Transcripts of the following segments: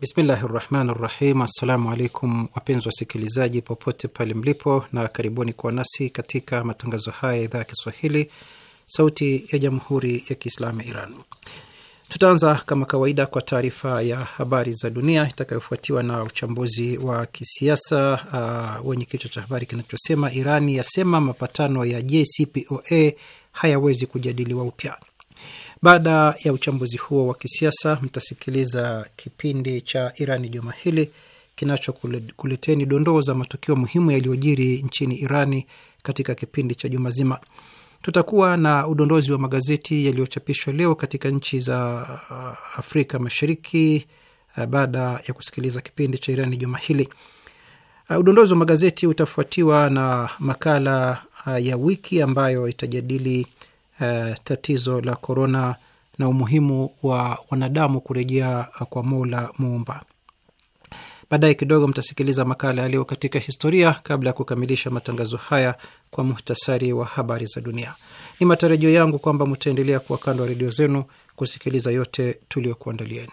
Bismillahi rahmani rahim. Assalamu alaikum wapenzi wasikilizaji popote pale mlipo, na karibuni kwa nasi katika matangazo haya ya idhaa ya Kiswahili, Sauti ya Jamhuri ya Kiislamu ya Iran. Tutaanza kama kawaida kwa taarifa ya habari za dunia itakayofuatiwa na uchambuzi wa kisiasa uh, wenye kichwa cha habari kinachosema Irani yasema mapatano ya JCPOA hayawezi kujadiliwa upya. Baada ya uchambuzi huo wa kisiasa, mtasikiliza kipindi cha Irani juma hili kinachokuleteni dondoo za matukio muhimu yaliyojiri nchini Irani katika kipindi cha juma zima. Tutakuwa na udondozi wa magazeti yaliyochapishwa leo katika nchi za uh, Afrika Mashariki uh, baada ya kusikiliza kipindi cha Irani juma hili. Uh, udondozi wa magazeti utafuatiwa na makala ya wiki ambayo itajadili Eh, tatizo la korona na umuhimu wa wanadamu kurejea eh, kwa Mola Muumba. Baadaye kidogo mtasikiliza makala yaliyo katika historia kabla ya kukamilisha matangazo haya kwa muhtasari wa habari za dunia. Ni matarajio yangu kwamba mtaendelea kuwa kando wa redio zenu kusikiliza yote tuliokuandalieni.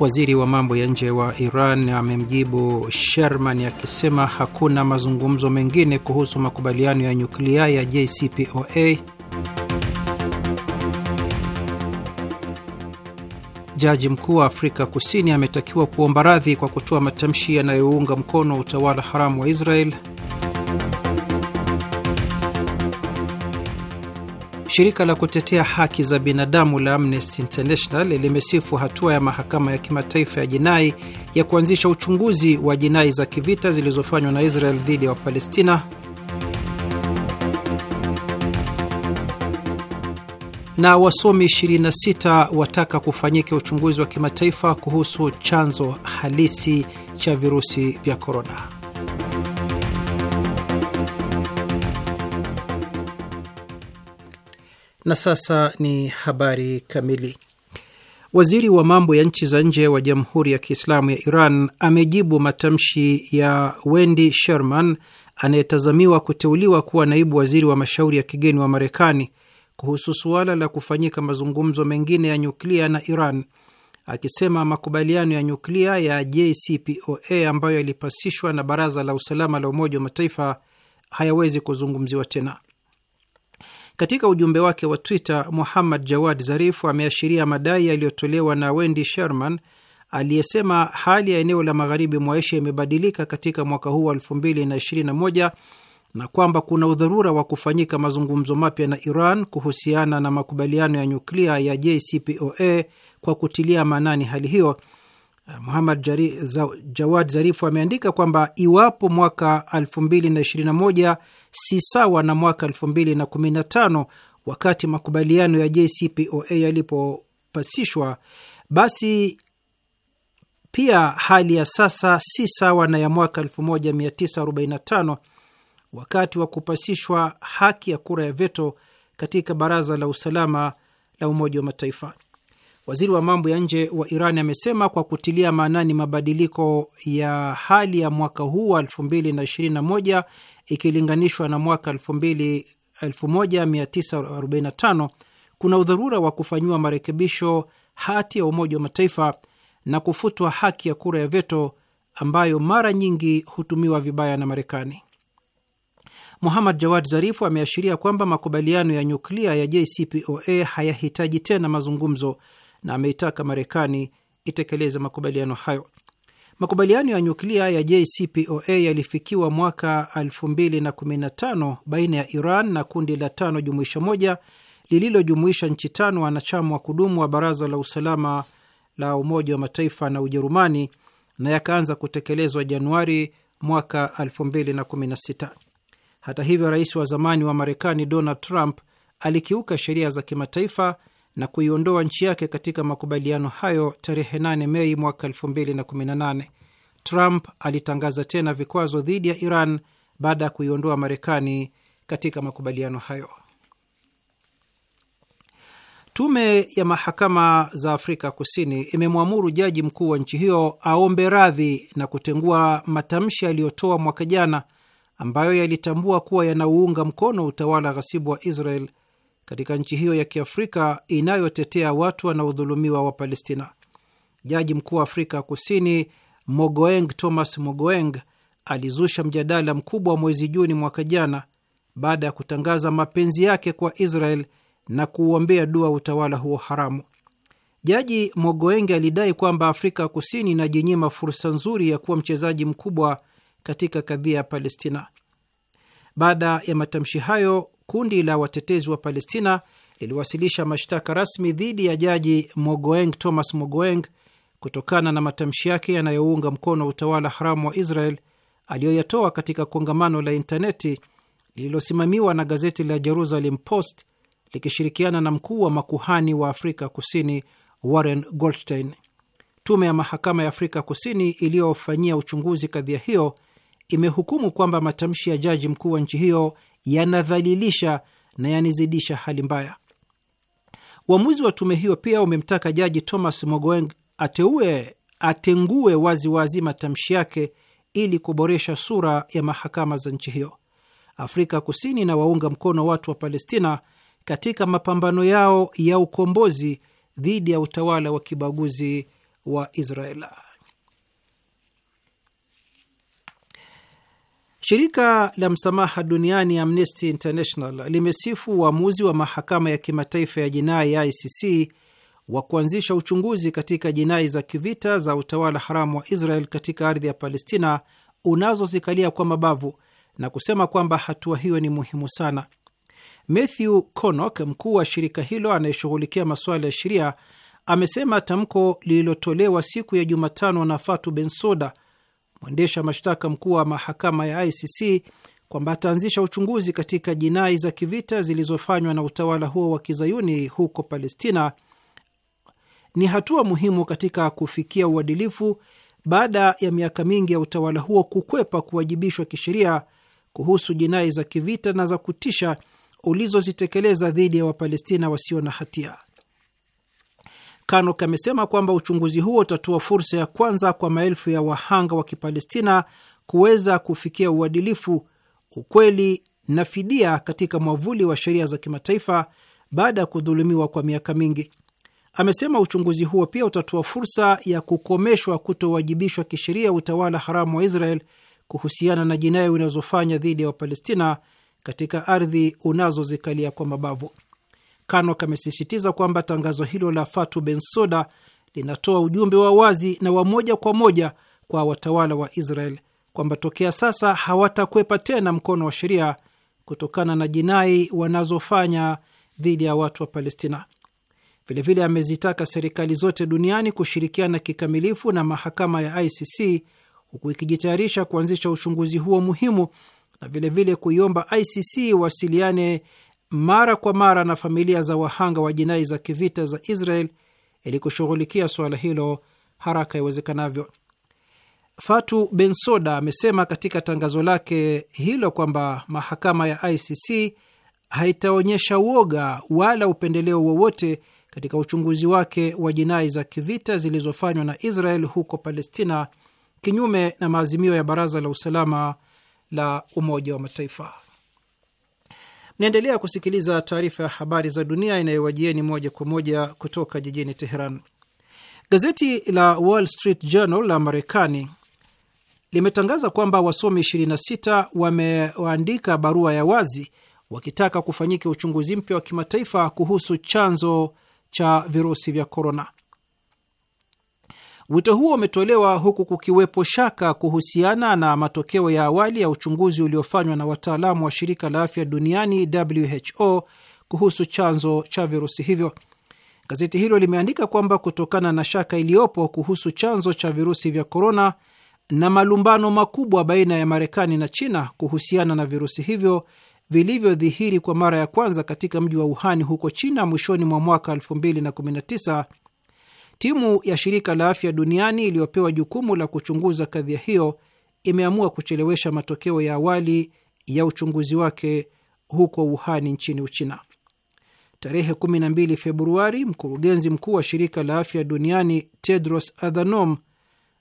Waziri wa mambo ya nje wa Iran amemjibu Sherman akisema hakuna mazungumzo mengine kuhusu makubaliano ya nyuklia ya JCPOA. Jaji mkuu wa Afrika Kusini ametakiwa kuomba radhi kwa kutoa matamshi yanayounga mkono utawala haramu wa Israel. Shirika la kutetea haki za binadamu la Amnesty International limesifu hatua ya mahakama ya kimataifa ya jinai ya kuanzisha uchunguzi wa jinai za kivita zilizofanywa na Israel dhidi ya Wapalestina. Na wasomi 26 wataka kufanyika uchunguzi wa kimataifa kuhusu chanzo halisi cha virusi vya korona. Na sasa ni habari kamili. Waziri wa mambo ya nchi za nje wa Jamhuri ya Kiislamu ya Iran amejibu matamshi ya Wendy Sherman anayetazamiwa kuteuliwa kuwa naibu waziri wa mashauri ya kigeni wa Marekani kuhusu suala la kufanyika mazungumzo mengine ya nyuklia na Iran, akisema makubaliano ya nyuklia ya JCPOA ambayo yalipasishwa na Baraza la Usalama la Umoja wa Mataifa hayawezi kuzungumziwa tena. Katika ujumbe wake wa Twitter, Muhammad Jawad zarif ameashiria madai yaliyotolewa na Wendy Sherman aliyesema hali ya eneo la magharibi mwa Asia imebadilika katika mwaka huu wa 2021 na kwamba kuna udharura wa kufanyika mazungumzo mapya na Iran kuhusiana na makubaliano ya nyuklia ya JCPOA kwa kutilia maanani hali hiyo Muhamad Jawad Zarifu ameandika kwamba iwapo mwaka 2021 si sawa na mwaka 2015 wakati makubaliano ya JCPOA yalipopasishwa, basi pia hali ya sasa si sawa na ya mwaka 1945 wakati wa kupasishwa haki ya kura ya veto katika Baraza la Usalama la Umoja wa Mataifa. Waziri wa mambo ya nje wa Iran amesema kwa kutilia maanani mabadiliko ya hali ya mwaka huu wa 2021 ikilinganishwa na mwaka 1945 kuna udharura wa kufanyiwa marekebisho hati ya Umoja wa Mataifa na kufutwa haki ya kura ya veto ambayo mara nyingi hutumiwa vibaya na Marekani. Muhammad Jawad Zarifu ameashiria kwamba makubaliano ya nyuklia ya JCPOA hayahitaji tena mazungumzo na ameitaka Marekani itekeleze makubaliano hayo. Makubaliano ya nyuklia ya JCPOA yalifikiwa mwaka 2015 baina ya Iran na kundi la tano jumuisha moja lililojumuisha nchi tano wanachama wa kudumu wa Baraza la Usalama la Umoja wa Mataifa na Ujerumani na yakaanza kutekelezwa Januari mwaka 2016. Hata hivyo, rais wa zamani wa Marekani Donald Trump alikiuka sheria za kimataifa na kuiondoa nchi yake katika makubaliano hayo tarehe 8 Mei mwaka 2018. Trump alitangaza tena vikwazo dhidi ya Iran baada ya kuiondoa Marekani katika makubaliano hayo. Tume ya mahakama za Afrika Kusini imemwamuru jaji mkuu wa nchi hiyo aombe radhi na kutengua matamshi aliyotoa mwaka jana ambayo yalitambua kuwa yanauunga mkono utawala ghasibu wa Israel katika nchi hiyo ya kiafrika inayotetea watu wanaodhulumiwa wa Palestina. Jaji mkuu wa Afrika Kusini Mogoeng Thomas Mogoeng alizusha mjadala mkubwa mwezi Juni mwaka jana baada ya kutangaza mapenzi yake kwa Israel na kuuombea dua utawala huo haramu. Jaji Mogoeng alidai kwamba Afrika Kusini inajinyima fursa nzuri ya kuwa mchezaji mkubwa katika kadhia ya Palestina. Baada ya matamshi hayo, kundi la watetezi wa Palestina liliwasilisha mashtaka rasmi dhidi ya jaji Mogoeng Thomas Mogoeng kutokana na matamshi yake yanayounga mkono utawala haramu wa Israel aliyoyatoa katika kongamano la intaneti lililosimamiwa na gazeti la Jerusalem Post likishirikiana na mkuu wa makuhani wa Afrika Kusini Warren Goldstein. Tume ya mahakama ya Afrika Kusini iliyofanyia uchunguzi kadhia hiyo imehukumu kwamba matamshi ya jaji mkuu wa nchi hiyo yanadhalilisha na yanizidisha hali mbaya. Uamuzi wa tume hiyo pia umemtaka Jaji Thomas Mogoeng ateue atengue waziwazi wazi matamshi yake ili kuboresha sura ya mahakama za nchi hiyo. Afrika Kusini inawaunga mkono watu wa Palestina katika mapambano yao ya ukombozi dhidi ya utawala wa kibaguzi wa Israeli. Shirika la msamaha duniani Amnesty International limesifu uamuzi wa mahakama ya kimataifa ya jinai ya ICC wa kuanzisha uchunguzi katika jinai za kivita za utawala haramu wa Israel katika ardhi ya Palestina unazozikalia kwa mabavu na kusema kwamba hatua hiyo ni muhimu sana. Matthew Conok, mkuu wa shirika hilo anayeshughulikia masuala ya sheria, amesema tamko lililotolewa siku ya Jumatano na Fatu Bensoda mwendesha mashtaka mkuu wa mahakama ya ICC kwamba ataanzisha uchunguzi katika jinai za kivita zilizofanywa na utawala huo wa kizayuni huko Palestina ni hatua muhimu katika kufikia uadilifu baada ya miaka mingi ya utawala huo kukwepa kuwajibishwa kisheria kuhusu jinai za kivita na za kutisha ulizozitekeleza dhidi ya Wapalestina wasio na hatia. Kano kamesema kwamba uchunguzi huo utatoa fursa ya kwanza kwa maelfu ya wahanga wa Kipalestina kuweza kufikia uadilifu, ukweli na fidia katika mwavuli wa sheria za kimataifa baada ya kudhulumiwa kwa miaka mingi. Amesema uchunguzi huo pia utatoa fursa ya kukomeshwa kutowajibishwa kisheria utawala haramu wa Israel kuhusiana na jinai unazofanya dhidi ya Wapalestina katika ardhi unazozikalia kwa mabavu. Kano kamesisitiza kwamba tangazo hilo la Fatu Bensuda linatoa ujumbe wa wazi na wa moja kwa moja kwa watawala wa Israel kwamba tokea sasa hawatakwepa tena mkono wa sheria kutokana na jinai wanazofanya dhidi ya watu wa Palestina. Vilevile amezitaka serikali zote duniani kushirikiana kikamilifu na mahakama ya ICC huku ikijitayarisha kuanzisha uchunguzi huo muhimu na vilevile kuiomba ICC wasiliane mara kwa mara na familia za wahanga wa jinai za kivita za Israel ili kushughulikia suala hilo haraka iwezekanavyo. Fatu Bensoda amesema katika tangazo lake hilo kwamba mahakama ya ICC haitaonyesha uoga wala upendeleo wowote katika uchunguzi wake wa jinai za kivita zilizofanywa na Israel huko Palestina, kinyume na maazimio ya Baraza la Usalama la Umoja wa Mataifa. Naendelea kusikiliza taarifa ya habari za dunia inayowajieni moja kwa moja kutoka jijini Teheran. Gazeti la Wall Street Journal la Marekani limetangaza kwamba wasomi 26 wameandika barua ya wazi wakitaka kufanyika uchunguzi mpya wa kimataifa kuhusu chanzo cha virusi vya korona. Wito huo umetolewa huku kukiwepo shaka kuhusiana na matokeo ya awali ya uchunguzi uliofanywa na wataalamu wa shirika la afya duniani WHO kuhusu chanzo cha virusi hivyo. Gazeti hilo limeandika kwamba kutokana na shaka iliyopo kuhusu chanzo cha virusi vya korona na malumbano makubwa baina ya Marekani na China kuhusiana na virusi hivyo vilivyodhihiri kwa mara ya kwanza katika mji wa Wuhan huko China mwishoni mwa mwaka Timu ya shirika la afya duniani iliyopewa jukumu la kuchunguza kadhia hiyo imeamua kuchelewesha matokeo ya awali ya uchunguzi wake huko Wuhan nchini Uchina. Tarehe 12 Februari, mkurugenzi mkuu wa shirika la afya duniani Tedros Adhanom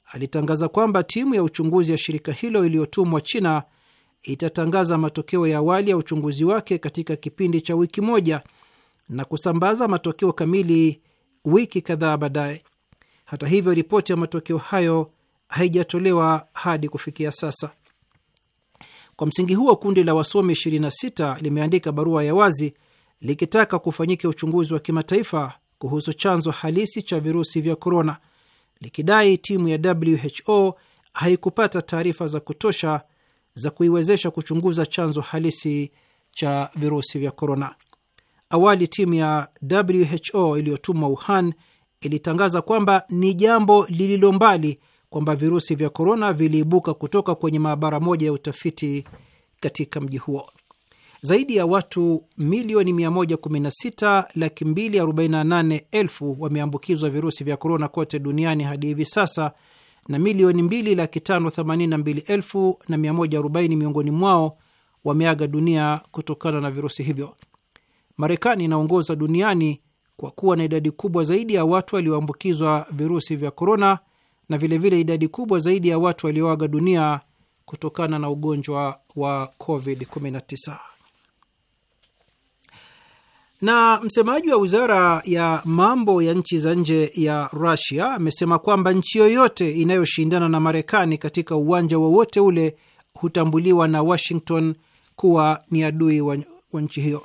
alitangaza kwamba timu ya uchunguzi ya shirika hilo iliyotumwa China itatangaza matokeo ya awali ya uchunguzi wake katika kipindi cha wiki moja na kusambaza matokeo kamili wiki kadhaa baadaye. Hata hivyo, ripoti ya matokeo hayo haijatolewa hadi kufikia sasa. Kwa msingi huo, kundi la wasomi 26 limeandika barua ya wazi likitaka kufanyika uchunguzi wa kimataifa kuhusu chanzo halisi cha virusi vya korona, likidai timu ya WHO haikupata taarifa za kutosha za kuiwezesha kuchunguza chanzo halisi cha virusi vya korona. Awali timu ya WHO iliyotumwa Wuhan ilitangaza kwamba ni jambo lililo mbali kwamba virusi vya korona viliibuka kutoka kwenye maabara moja ya utafiti katika mji huo. Zaidi ya watu milioni 116 laki 248 elfu wameambukizwa virusi vya korona kote duniani hadi hivi sasa na milioni 2 laki 582 elfu na 140 miongoni mwao wameaga dunia kutokana na virusi hivyo. Marekani inaongoza duniani kwa kuwa na idadi kubwa zaidi ya watu walioambukizwa virusi vya korona na vilevile vile idadi kubwa zaidi ya watu walioaga dunia kutokana na ugonjwa wa COVID-19. Na msemaji wa wizara ya mambo ya nchi za nje ya Rusia amesema kwamba nchi yoyote inayoshindana na Marekani katika uwanja wowote ule hutambuliwa na Washington kuwa ni adui wa, wa nchi hiyo.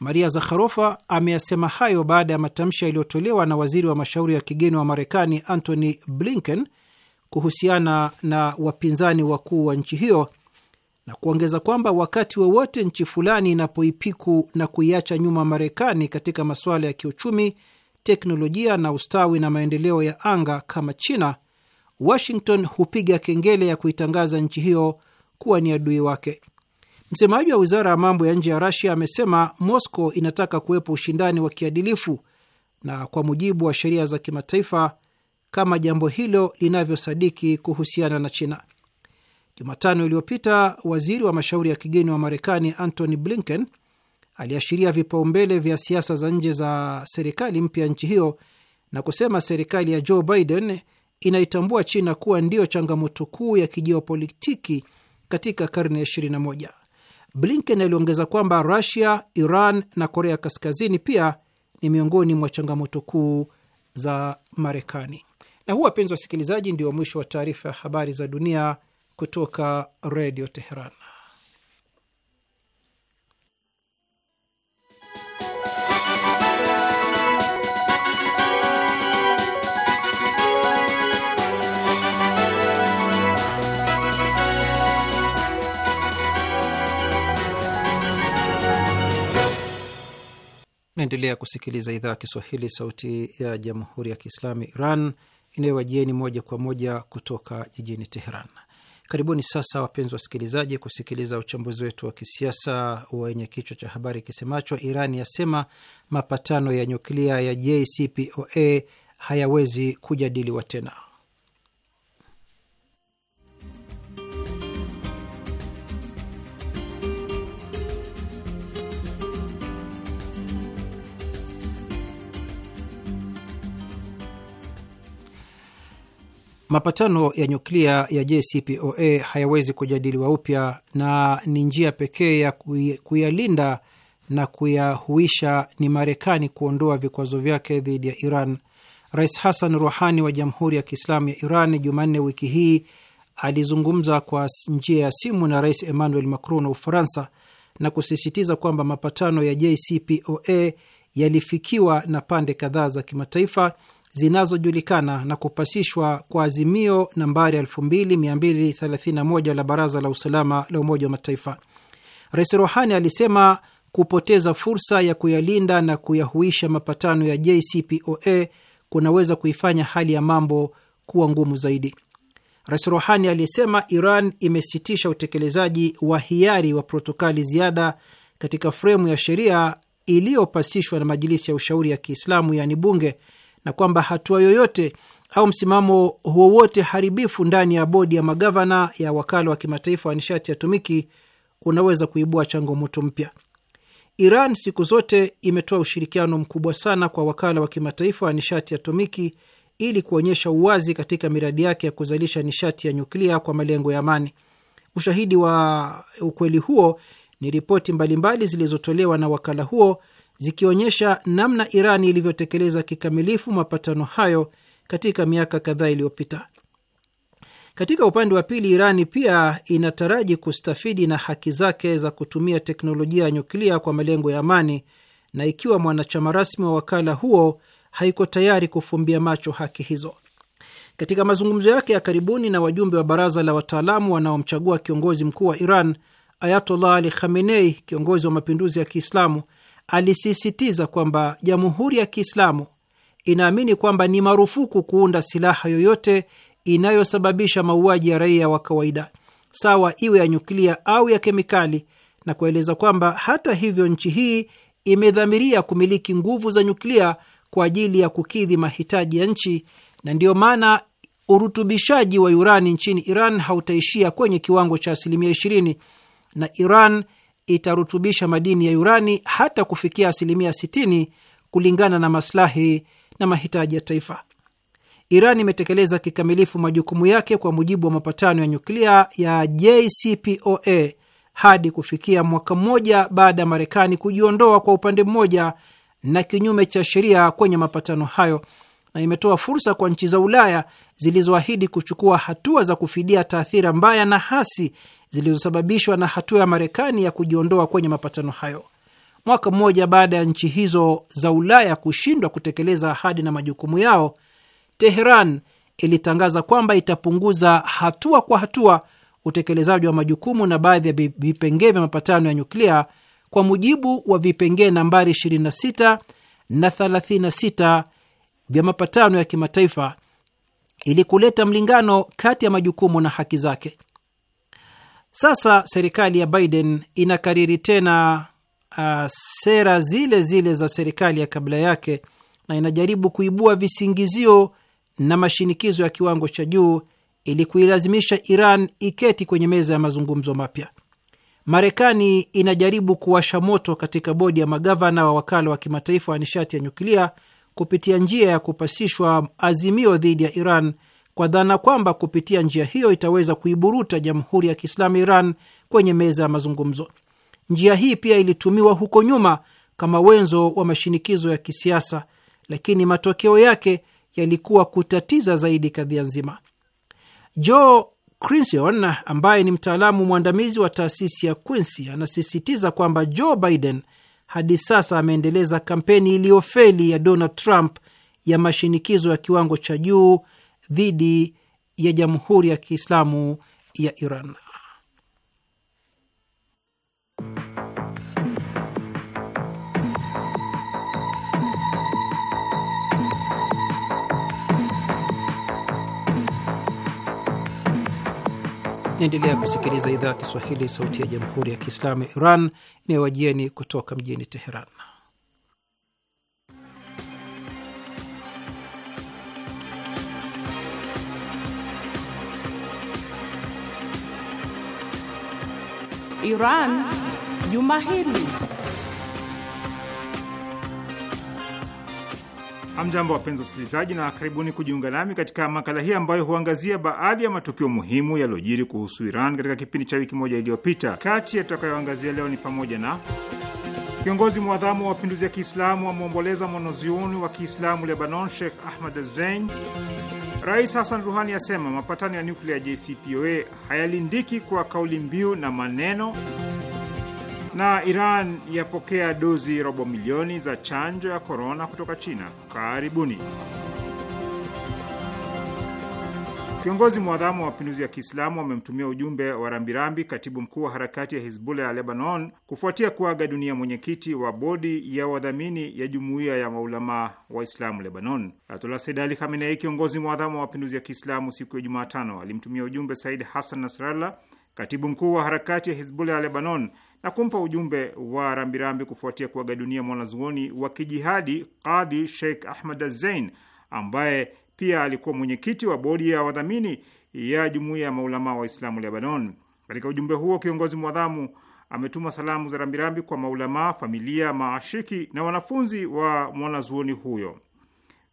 Maria Zakharova ameyasema hayo baada ya matamshi yaliyotolewa na waziri wa mashauri ya kigeni wa Marekani Antony Blinken kuhusiana na wapinzani wakuu wa nchi hiyo na kuongeza kwamba wakati wowote nchi fulani inapoipiku na kuiacha nyuma Marekani katika masuala ya kiuchumi, teknolojia na ustawi na maendeleo ya anga kama China, Washington hupiga kengele ya kuitangaza nchi hiyo kuwa ni adui wake. Msemaji wa wizara ya mambo ya nje ya Rasia amesema Moscow inataka kuwepo ushindani wa kiadilifu na kwa mujibu wa sheria za kimataifa kama jambo hilo linavyosadiki kuhusiana na China. Jumatano iliyopita waziri wa mashauri ya kigeni wa Marekani Antony Blinken aliashiria vipaumbele vya siasa za nje za serikali mpya nchi hiyo na kusema serikali ya Joe Biden inaitambua China kuwa ndiyo changamoto kuu ya kijiopolitiki katika karne ya 21. Blinken aliongeza kwamba Rusia, Iran na Korea Kaskazini pia ni miongoni mwa changamoto kuu za Marekani. Na huu, wapenzi wasikilizaji, ndio mwisho wa taarifa ya habari za dunia kutoka Redio Teheran. Naendelea kusikiliza idhaa ya Kiswahili, sauti ya jamhuri ya kiislamu Iran inayowajieni moja kwa moja kutoka jijini Teheran. Karibuni sasa wapenzi wasikilizaji, kusikiliza uchambuzi wetu wa kisiasa wenye kichwa cha habari kisemacho Iran yasema mapatano ya nyuklia ya JCPOA hayawezi kujadiliwa tena. Mapatano ya nyuklia ya JCPOA hayawezi kujadiliwa upya na ni njia pekee ya kuyalinda na kuyahuisha ni Marekani kuondoa vikwazo vyake dhidi ya Iran. Rais Hassan Rouhani wa Jamhuri ya Kiislamu ya Iran Jumanne wiki hii alizungumza kwa njia ya simu na Rais Emmanuel Macron wa Ufaransa na kusisitiza kwamba mapatano ya JCPOA yalifikiwa na pande kadhaa za kimataifa zinazojulikana na kupasishwa kwa azimio nambari 2231 la Baraza la Usalama la Umoja wa Mataifa. Rais Rohani alisema kupoteza fursa ya kuyalinda na kuyahuisha mapatano ya JCPOA kunaweza kuifanya hali ya mambo kuwa ngumu zaidi. Rais Rohani alisema Iran imesitisha utekelezaji wa hiari wa protokali ziada katika fremu ya sheria iliyopasishwa na Majilisi ya Ushauri ya Kiislamu, yaani bunge na kwamba hatua yoyote au msimamo wowote haribifu ndani ya bodi ya magavana ya wakala wa kimataifa wa nishati ya tumiki unaweza kuibua changamoto mpya. Iran siku zote imetoa ushirikiano mkubwa sana kwa wakala wa kimataifa wa nishati ya tumiki ili kuonyesha uwazi katika miradi yake ya kuzalisha nishati ya nyuklia kwa malengo ya amani. Ushahidi wa ukweli huo ni ripoti mbalimbali zilizotolewa na wakala huo zikionyesha namna Irani ilivyotekeleza kikamilifu mapatano hayo katika miaka kadhaa iliyopita. Katika upande wa pili, Irani pia inataraji kustafidi na haki zake za kutumia teknolojia ya nyuklia kwa malengo ya amani, na ikiwa mwanachama rasmi wa wakala huo haiko tayari kufumbia macho haki hizo. Katika mazungumzo yake ya karibuni na wajumbe wa baraza la wataalamu wanaomchagua kiongozi mkuu wa Iran, Ayatollah Ali Khamenei, kiongozi wa mapinduzi ya Kiislamu alisisitiza kwamba Jamhuri ya Kiislamu inaamini kwamba ni marufuku kuunda silaha yoyote inayosababisha mauaji ya raia wa kawaida, sawa iwe ya nyuklia au ya kemikali, na kueleza kwamba hata hivyo, nchi hii imedhamiria kumiliki nguvu za nyuklia kwa ajili ya kukidhi mahitaji ya nchi, na ndiyo maana urutubishaji wa urani nchini Iran hautaishia kwenye kiwango cha asilimia 20 na Iran itarutubisha madini ya urani hata kufikia asilimia 60 kulingana na maslahi na mahitaji ya taifa. Iran imetekeleza kikamilifu majukumu yake kwa mujibu wa mapatano ya nyuklia ya JCPOA hadi kufikia mwaka mmoja baada ya Marekani kujiondoa kwa upande mmoja na kinyume cha sheria kwenye mapatano hayo, na imetoa fursa kwa nchi za Ulaya zilizoahidi kuchukua hatua za kufidia taathira mbaya na hasi zilizosababishwa na hatua ya Marekani ya kujiondoa kwenye mapatano hayo. Mwaka mmoja baada ya nchi hizo za Ulaya kushindwa kutekeleza ahadi na majukumu yao, Teheran ilitangaza kwamba itapunguza hatua kwa hatua utekelezaji wa majukumu na baadhi ya vipengee vya mapatano ya nyuklia kwa mujibu wa vipengee nambari 26 na 36 vya mapatano ya kimataifa ili kuleta mlingano kati ya majukumu na haki zake. Sasa serikali ya Biden inakariri tena uh, sera zile zile za serikali ya kabla yake na inajaribu kuibua visingizio na mashinikizo ya kiwango cha juu ili kuilazimisha Iran iketi kwenye meza ya mazungumzo mapya. Marekani inajaribu kuwasha moto katika bodi ya magavana wa wakala wa kimataifa wa nishati ya nyuklia kupitia njia ya kupasishwa azimio dhidi ya Iran kwa dhana kwamba kupitia njia hiyo itaweza kuiburuta Jamhuri ya Kiislamu Iran kwenye meza ya mazungumzo. Njia hii pia ilitumiwa huko nyuma kama wenzo wa mashinikizo ya kisiasa, lakini matokeo yake yalikuwa kutatiza zaidi kadhia nzima. Joe Crinsion ambaye ni mtaalamu mwandamizi wa taasisi ya Quincy anasisitiza kwamba Joe Biden hadi sasa ameendeleza kampeni iliyofeli ya Donald Trump ya mashinikizo ya kiwango cha juu dhidi ya Jamhuri ya Kiislamu ya Iran. Naendelea kusikiliza idhaa ya Kiswahili, sauti ya Jamhuri ya Kiislamu ya Iran inayowajieni kutoka mjini Teheran. Iran juma hili. Hamjambo, wapenzi wasikilizaji, na karibuni kujiunga nami katika makala hii ambayo huangazia baadhi ya matukio muhimu yaliyojiri kuhusu Iran katika kipindi cha wiki moja iliyopita. Kati ya tutakayoangazia leo ni pamoja na Kiongozi mwadhamu wa mapinduzi ya Kiislamu wamwomboleza mwanazuoni wa Kiislamu Lebanon, Sheikh Ahmad Zein. Rais Hassan Ruhani asema mapatano ya nyuklia ya JCPOA hayalindiki kwa kauli mbiu na maneno, na Iran yapokea dozi robo milioni za chanjo ya korona kutoka China. Karibuni. Kiongozi mwadhamu wa mapinduzi ya Kiislamu amemtumia ujumbe wa rambirambi katibu mkuu wa harakati ya Hizbullah ya Lebanon kufuatia kuaga dunia mwenyekiti wa bodi ya wadhamini ya jumuiya ya maulamaa Waislamu Lebanon. Ayatullah Said Ali Khamenei, kiongozi mwadhamu wa mapinduzi ya Kiislamu, siku ya Jumatano alimtumia ujumbe Said Hassan Nasrallah, katibu mkuu wa harakati ya Hizbullah ya Lebanon, na kumpa ujumbe wa rambirambi kufuatia kuaga dunia mwanazuoni wa kijihadi Qadhi Sheikh Ahmad azein ambaye pia alikuwa mwenyekiti wa bodi ya wadhamini ya jumuiya ya maulamaa Waislamu Lebanon. Katika ujumbe huo, kiongozi mwadhamu ametuma salamu za rambirambi kwa maulamaa, familia, maashiki na wanafunzi wa mwanazuoni huyo.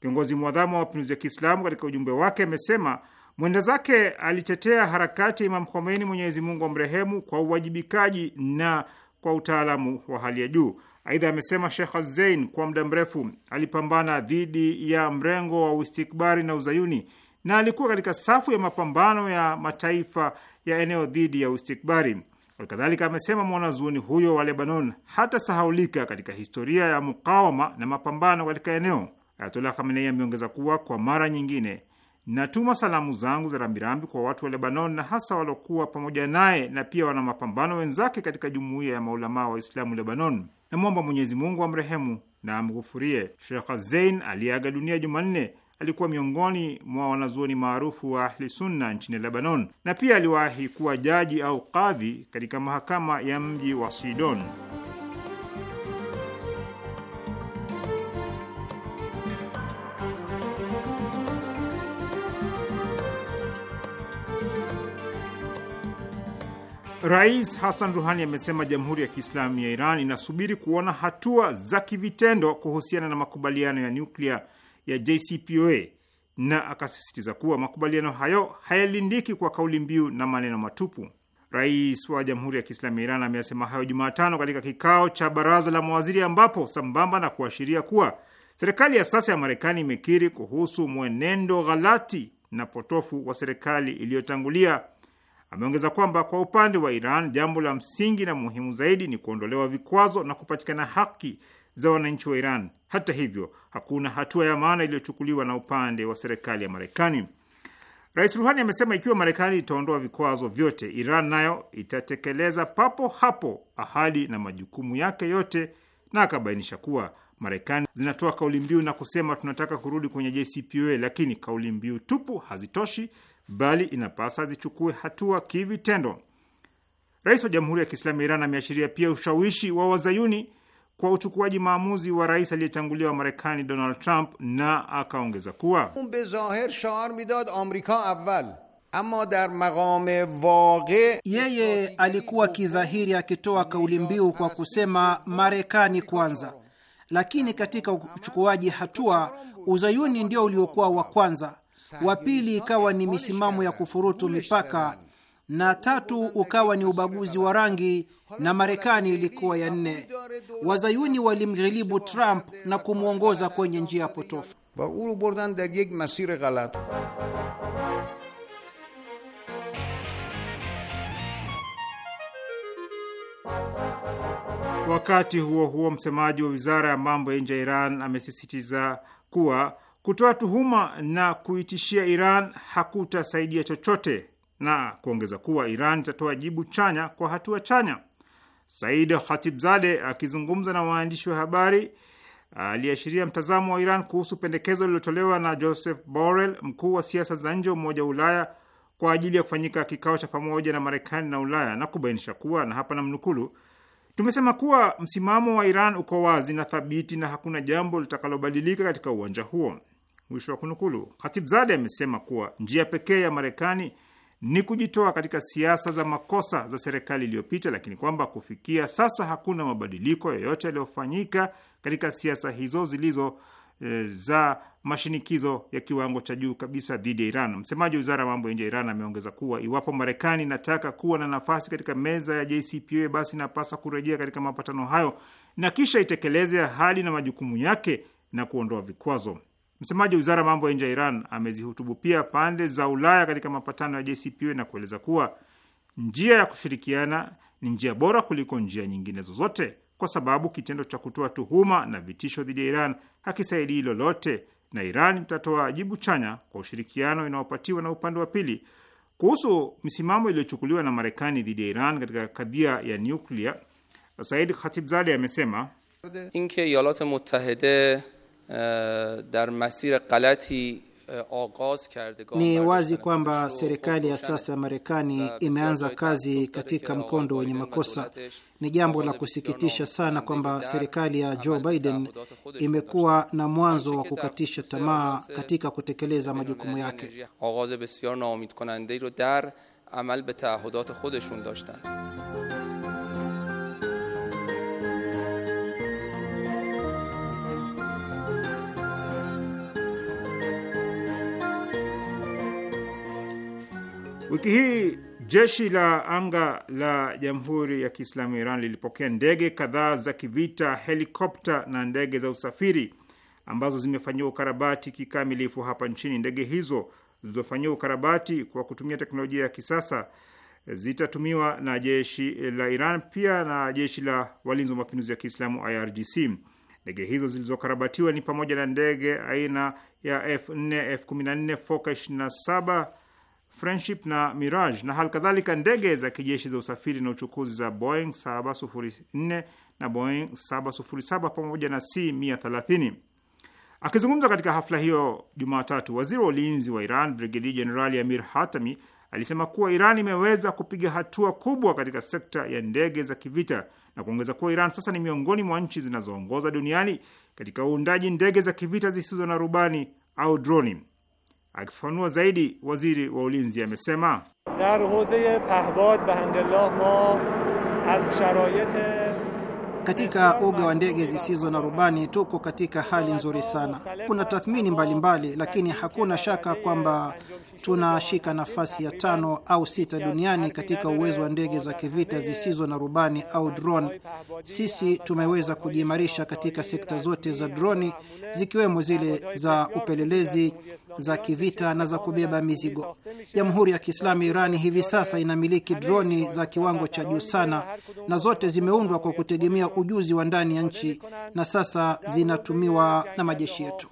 Kiongozi mwadhamu wa mapinduzi ya Kiislamu katika ujumbe wake amesema mwenda zake alitetea harakati ya Imam Khomeini, Mwenyezi Mungu amrehemu, kwa uwajibikaji na kwa utaalamu wa hali ya juu. Aidha amesema Shekh Azein kwa muda mrefu alipambana dhidi ya mrengo wa uistikbari na uzayuni na alikuwa katika safu ya mapambano ya mataifa ya eneo dhidi ya uistikbari. Alkadhalika amesema mwanazuoni huyo wa Lebanon hata sahaulika katika historia ya mukawama na mapambano katika eneo. Ayatollah Khamenei ameongeza kuwa kwa mara nyingine Natuma salamu zangu za rambirambi kwa watu wa Lebanon na hasa waliokuwa pamoja naye na pia wana mapambano wenzake katika jumuiya ya maulamaa Waislamu Lebanon. Namwomba Mwenyezi Mungu amrehemu na amghufurie. Shekh Zein aliyeaga dunia Jumanne alikuwa miongoni mwa wanazuoni maarufu wa Ahli Sunna nchini Lebanon na pia aliwahi kuwa jaji au kadhi katika mahakama ya mji wa Sidon. Rais Hassan Ruhani amesema Jamhuri ya Kiislamu ya Iran inasubiri kuona hatua za kivitendo kuhusiana na makubaliano ya nyuklia ya JCPOA na akasisitiza kuwa makubaliano hayo hayalindiki kwa kauli mbiu na maneno matupu. Rais wa Jamhuri ya Kiislamu ya Iran ameyasema hayo Jumatano katika kikao cha baraza la mawaziri, ambapo sambamba na kuashiria kuwa serikali ya sasa ya Marekani imekiri kuhusu mwenendo ghalati na potofu wa serikali iliyotangulia Ameongeza kwamba kwa upande wa Iran, jambo la msingi na muhimu zaidi ni kuondolewa vikwazo na kupatikana haki za wananchi wa Iran. Hata hivyo, hakuna hatua ya maana iliyochukuliwa na upande wa serikali ya Marekani. Rais Ruhani amesema ikiwa Marekani itaondoa vikwazo vyote, Iran nayo itatekeleza papo hapo ahadi na majukumu yake yote, na akabainisha kuwa Marekani zinatoa kauli mbiu na kusema tunataka kurudi kwenye JCPOA, lakini kauli mbiu tupu hazitoshi bali inapasa zichukue hatua kivitendo. Rais wa Jamhuri ya Kiislamu ya Iran ameashiria pia ushawishi wa wazayuni kwa uchukuaji maamuzi wa rais aliyetangulia wa Marekani Donald Trump, na akaongeza kuwa yeye alikuwa kidhahiri akitoa kauli mbiu kwa kusema Marekani kwanza, lakini katika uchukuaji hatua uzayuni ndio uliokuwa wa kwanza wa pili ikawa ni misimamo ya kufurutu mipaka, na tatu ukawa ni ubaguzi wa rangi, na Marekani ilikuwa ya nne. Wazayuni walimghilibu Trump na kumwongoza kwenye njia potofu. Wakati huo huo, msemaji wa wizara ya mambo ya nje ya Iran amesisitiza kuwa Kutoa tuhuma na kuitishia Iran hakutasaidia chochote, na kuongeza kuwa Iran itatoa jibu chanya kwa hatua chanya. Said Khatibzade akizungumza na waandishi wa habari aliashiria mtazamo wa Iran kuhusu pendekezo lililotolewa na Joseph Borrell, mkuu wa siasa za nje wa Umoja wa Ulaya, kwa ajili ya kufanyika kikao cha pamoja na Marekani na Ulaya na kubainisha kuwa, na hapa namnukulu, tumesema kuwa msimamo wa Iran uko wazi na thabiti na hakuna jambo litakalobadilika katika uwanja huo. Mwisho wa kunukulu. Khatibzade amesema kuwa njia pekee ya Marekani ni kujitoa katika siasa za makosa za serikali iliyopita, lakini kwamba kufikia sasa hakuna mabadiliko yoyote yaliyofanyika katika siasa hizo zilizo e, za mashinikizo ya kiwango cha juu kabisa dhidi ya Iran. Msemaji wa wizara ya mambo ya nje ya Iran ameongeza kuwa iwapo Marekani inataka kuwa na nafasi katika meza ya JCPOA, basi inapaswa kurejea katika mapatano hayo na kisha itekeleze ahadi na majukumu yake na kuondoa vikwazo. Msemaji wa wizara ya mambo ya nje ya Iran amezihutubu pia pande za Ulaya katika mapatano ya JCPOA na kueleza kuwa njia ya kushirikiana ni njia bora kuliko njia nyingine zozote, kwa sababu kitendo cha kutoa tuhuma na vitisho dhidi ya Iran hakisaidii lolote na Iran itatoa jibu chanya kwa ushirikiano inaopatiwa na upande wa pili. Kuhusu misimamo iliyochukuliwa na Marekani dhidi ya Iran katika kadhia ya nyuklia, Said Khatibzadeh amesema در masir qalati ni wazi kwamba serikali ya sasa ya Marekani imeanza kazi katika mkondo wenye makosa. Ni jambo la kusikitisha sana kwamba serikali ya Joe Biden imekuwa na mwanzo wa kukatisha tamaa katika kutekeleza majukumu yake. Wiki hii jeshi la anga la Jamhuri ya Kiislamu ya Iran lilipokea ndege kadhaa za kivita, helikopta na ndege za usafiri ambazo zimefanyiwa ukarabati kikamilifu hapa nchini. Ndege hizo zilizofanyiwa ukarabati kwa kutumia teknolojia ya kisasa zitatumiwa na jeshi la Iran pia na jeshi la walinzi wa mapinduzi ya Kiislamu IRGC. Ndege hizo zilizokarabatiwa ni pamoja na ndege aina ya F4, F14, Foka 27 Friendship na Mirage na hali kadhalika ndege za kijeshi za usafiri na uchukuzi za Boeing 704 na Boeing 707 pamoja na C130. Akizungumza katika hafla hiyo Jumatatu, waziri wa ulinzi wa Iran Brigadier Jenerali Amir Hatami alisema kuwa Iran imeweza kupiga hatua kubwa katika sekta ya ndege za kivita na kuongeza kuwa Iran sasa ni miongoni mwa nchi zinazoongoza duniani katika uundaji ndege za kivita zisizo na rubani au droni. اکفانو زیدی وزیر و اولینزی در حوزه پهباد به ما از شرایط Katika uga wa ndege zisizo na rubani tuko katika hali nzuri sana. Kuna tathmini mbalimbali mbali, lakini hakuna shaka kwamba tunashika nafasi ya tano au sita duniani katika uwezo wa ndege za kivita zisizo na rubani au drone. Sisi tumeweza kujiimarisha katika sekta zote za droni zikiwemo zile za upelelezi, za kivita na za kubeba mizigo. Jamhuri ya Kiislamu ya Irani hivi sasa inamiliki droni za kiwango cha juu sana na zote zimeundwa kwa kutegemea ujuzi wa ndani ya nchi na sasa zinatumiwa na majeshi yetu.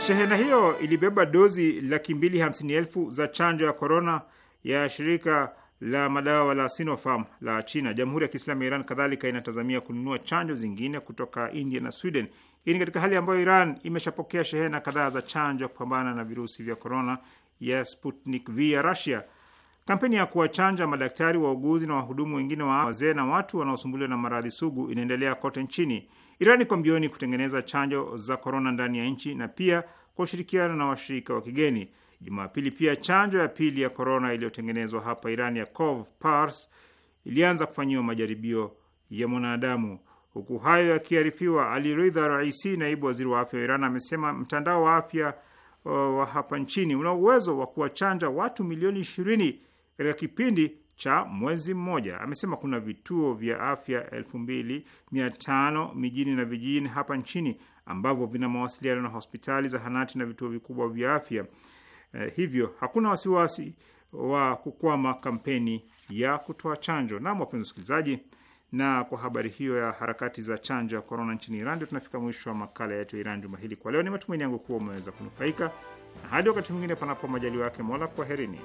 Shehena hiyo ilibeba dozi laki mbili hamsini elfu za chanjo ya korona ya shirika la madawa la Sinopharm la China. Jamhuri ya Kiislamu ya Iran kadhalika inatazamia kununua chanjo zingine kutoka India na Sweden hii ni katika hali ambayo Iran imeshapokea shehena kadhaa za chanjo ya kupambana na virusi vya korona ya Sputnik V ya Rusia. Kampeni ya kuwachanja madaktari, wauguzi na wahudumu wengine wa wazee na watu wanaosumbuliwa na maradhi sugu inaendelea kote nchini. Iran iko mbioni kutengeneza chanjo za korona ndani ya nchi na pia kwa ushirikiano na washirika wa kigeni. Jumapili pia chanjo ya pili ya korona iliyotengenezwa hapa Iran ya Cov Pars ilianza kufanyiwa majaribio ya mwanadamu. Huku hayo yakiarifiwa, Ali Ridha Raisi, naibu waziri wa afya wa Iran, amesema mtandao wa afya uh, wa hapa nchini una uwezo wa kuwachanja watu milioni ishirini katika kipindi cha mwezi mmoja. Amesema kuna vituo vya afya elfu mbili mia tano mijini na vijijini hapa nchini ambavyo vina mawasiliano na hospitali, zahanati na vituo vikubwa vya afya. Eh, hivyo hakuna wasiwasi wa kukwama kampeni ya kutoa chanjo. Nam, wapenzi wasikilizaji na kwa habari hiyo ya harakati za chanjo ya korona nchini Iran, ndio tunafika mwisho wa makala yetu ya Iran juma hili kwa leo. Ni matumaini yangu kuwa umeweza kunufaika, na hadi wakati mwingine, panapo majaliwa yake Mola, kwaherini.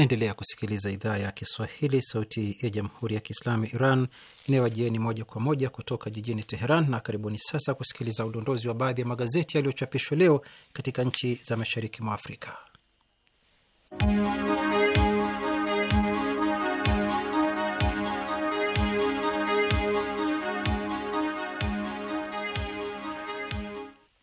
Naendelea kusikiliza idhaa ya Kiswahili, sauti ya jamhuri ya kiislamu ya Iran inayowajieni moja kwa moja kutoka jijini Teheran. Na karibuni sasa kusikiliza udondozi wa baadhi ya magazeti yaliyochapishwa leo katika nchi za mashariki mwa Afrika.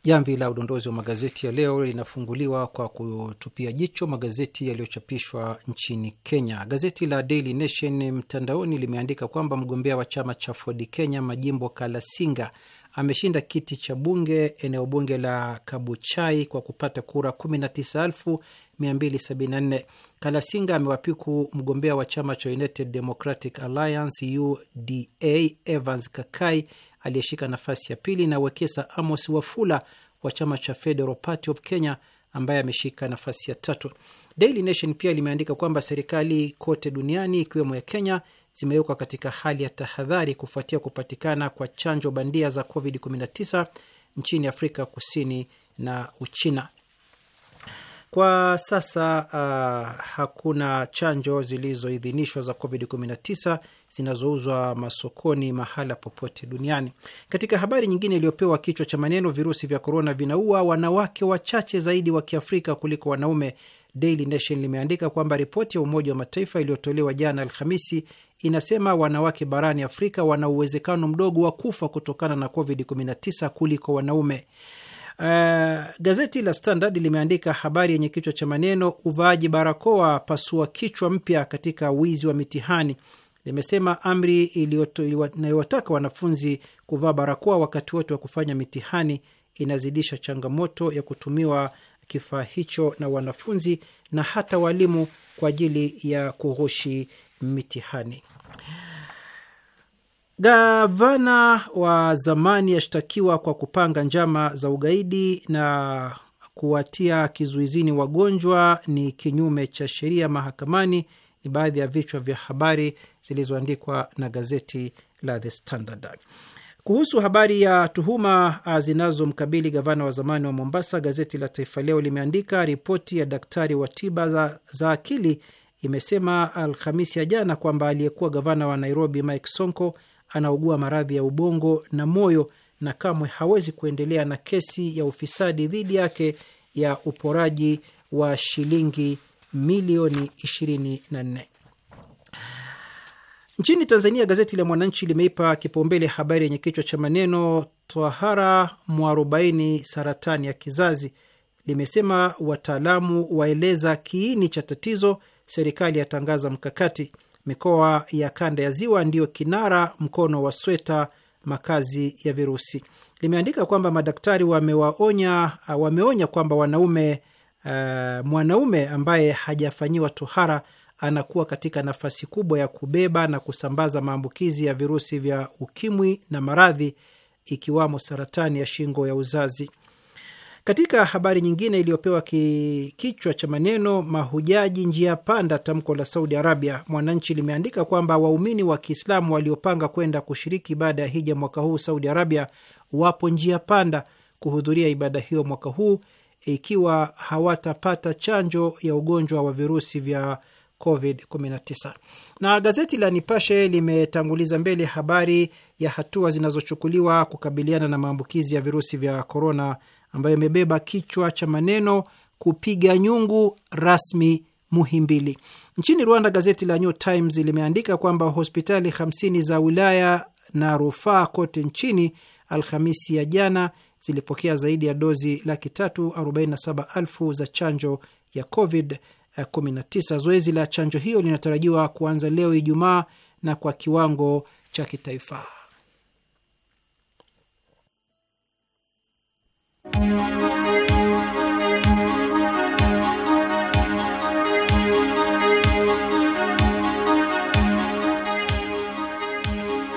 Jamvi la udondozi wa magazeti ya leo linafunguliwa kwa kutupia jicho magazeti yaliyochapishwa nchini Kenya. Gazeti la Daily Nation mtandaoni limeandika kwamba mgombea wa chama cha Ford Kenya Majimbo Kalasinga ameshinda kiti cha bunge eneo bunge la Kabuchai kwa kupata kura 19274. Kalasinga amewapiku mgombea wa chama cha United Democratic Alliance UDA Evans Kakai aliyeshika nafasi ya pili na Wekesa Amos Wafula wa chama cha Federal Party of Kenya ambaye ameshika nafasi ya tatu. Daily Nation pia limeandika kwamba serikali kote duniani ikiwemo ya Kenya zimewekwa katika hali ya tahadhari kufuatia kupatikana kwa chanjo bandia za COVID-19 nchini Afrika Kusini na Uchina. Kwa sasa uh, hakuna chanjo zilizoidhinishwa za COVID-19 zinazouzwa masokoni mahala popote duniani. Katika habari nyingine iliyopewa kichwa cha maneno virusi vya korona vinaua wanawake wachache zaidi wa Kiafrika kuliko wanaume, Daily Nation limeandika kwamba ripoti ya Umoja wa Mataifa iliyotolewa jana Alhamisi inasema wanawake barani Afrika wana uwezekano mdogo wa kufa kutokana na COVID-19 kuliko wanaume. Uh, gazeti la Standard limeandika habari yenye kichwa cha maneno uvaaji barakoa pasua kichwa mpya katika wizi wa mitihani. Limesema amri inayowataka wanafunzi kuvaa barakoa wakati wote wa kufanya mitihani inazidisha changamoto ya kutumiwa kifaa hicho na wanafunzi na hata walimu kwa ajili ya kughushi mitihani. Gavana wa zamani ashtakiwa kwa kupanga njama za ugaidi na kuwatia kizuizini wagonjwa ni kinyume cha sheria mahakamani, ni baadhi ya vichwa vya habari zilizoandikwa na gazeti la The Standard. Kuhusu habari ya tuhuma zinazomkabili gavana wa zamani wa Mombasa, gazeti la Taifa Leo limeandika ripoti ya daktari wa tiba za, za akili imesema Alhamisi ya jana kwamba aliyekuwa gavana wa Nairobi Mike Sonko anaugua maradhi ya ubongo na moyo na kamwe hawezi kuendelea na kesi ya ufisadi dhidi yake ya uporaji wa shilingi milioni 24. Nchini Tanzania, gazeti la Mwananchi limeipa kipaumbele habari yenye kichwa cha maneno Twahara mwarobaini saratani ya kizazi. Limesema wataalamu waeleza kiini cha tatizo, serikali yatangaza mkakati. Mikoa ya kanda ya ziwa ndiyo kinara mkono wa sweta, makazi ya virusi. Limeandika kwamba madaktari wamewaonya, wameonya kwamba wanaume uh, mwanaume ambaye hajafanyiwa tohara anakuwa katika nafasi kubwa ya kubeba na kusambaza maambukizi ya virusi vya ukimwi na maradhi ikiwamo saratani ya shingo ya uzazi. Katika habari nyingine iliyopewa kichwa cha maneno mahujaji njia panda, tamko la Saudi Arabia, Mwananchi limeandika kwamba waumini wa Kiislamu waliopanga kwenda kushiriki ibada ya hija mwaka huu Saudi Arabia wapo njia panda kuhudhuria ibada hiyo mwaka huu ikiwa hawatapata chanjo ya ugonjwa wa virusi vya COVID-19. Na gazeti la Nipashe limetanguliza mbele habari ya hatua zinazochukuliwa kukabiliana na maambukizi ya virusi vya korona ambayo imebeba kichwa cha maneno kupiga nyungu rasmi Muhimbili. Nchini Rwanda, gazeti la New Times limeandika kwamba hospitali 50 za wilaya na rufaa kote nchini Alhamisi ya jana zilipokea zaidi ya dozi laki tatu arobaini na saba elfu za chanjo ya Covid 19. Zoezi la chanjo hiyo linatarajiwa kuanza leo Ijumaa na kwa kiwango cha kitaifa.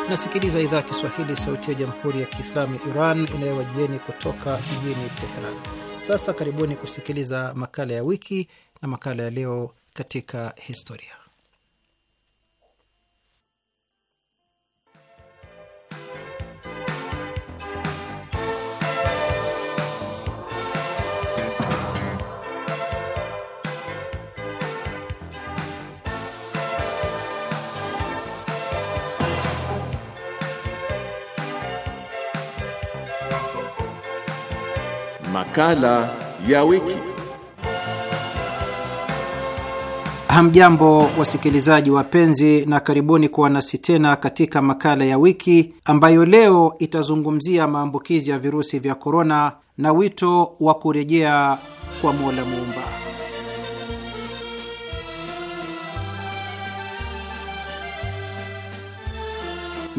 Nasikiliza idhaa ya Kiswahili, sauti ya jamhuri ya kiislamu ya Iran inayowajieni kutoka jijini Teheran. Sasa karibuni kusikiliza makala ya wiki na makala ya leo katika historia. Makala ya wiki. Hamjambo wasikilizaji wapenzi, na karibuni kuwa nasi tena katika makala ya wiki ambayo leo itazungumzia maambukizi ya virusi vya korona na wito wa kurejea kwa Mola Muumba.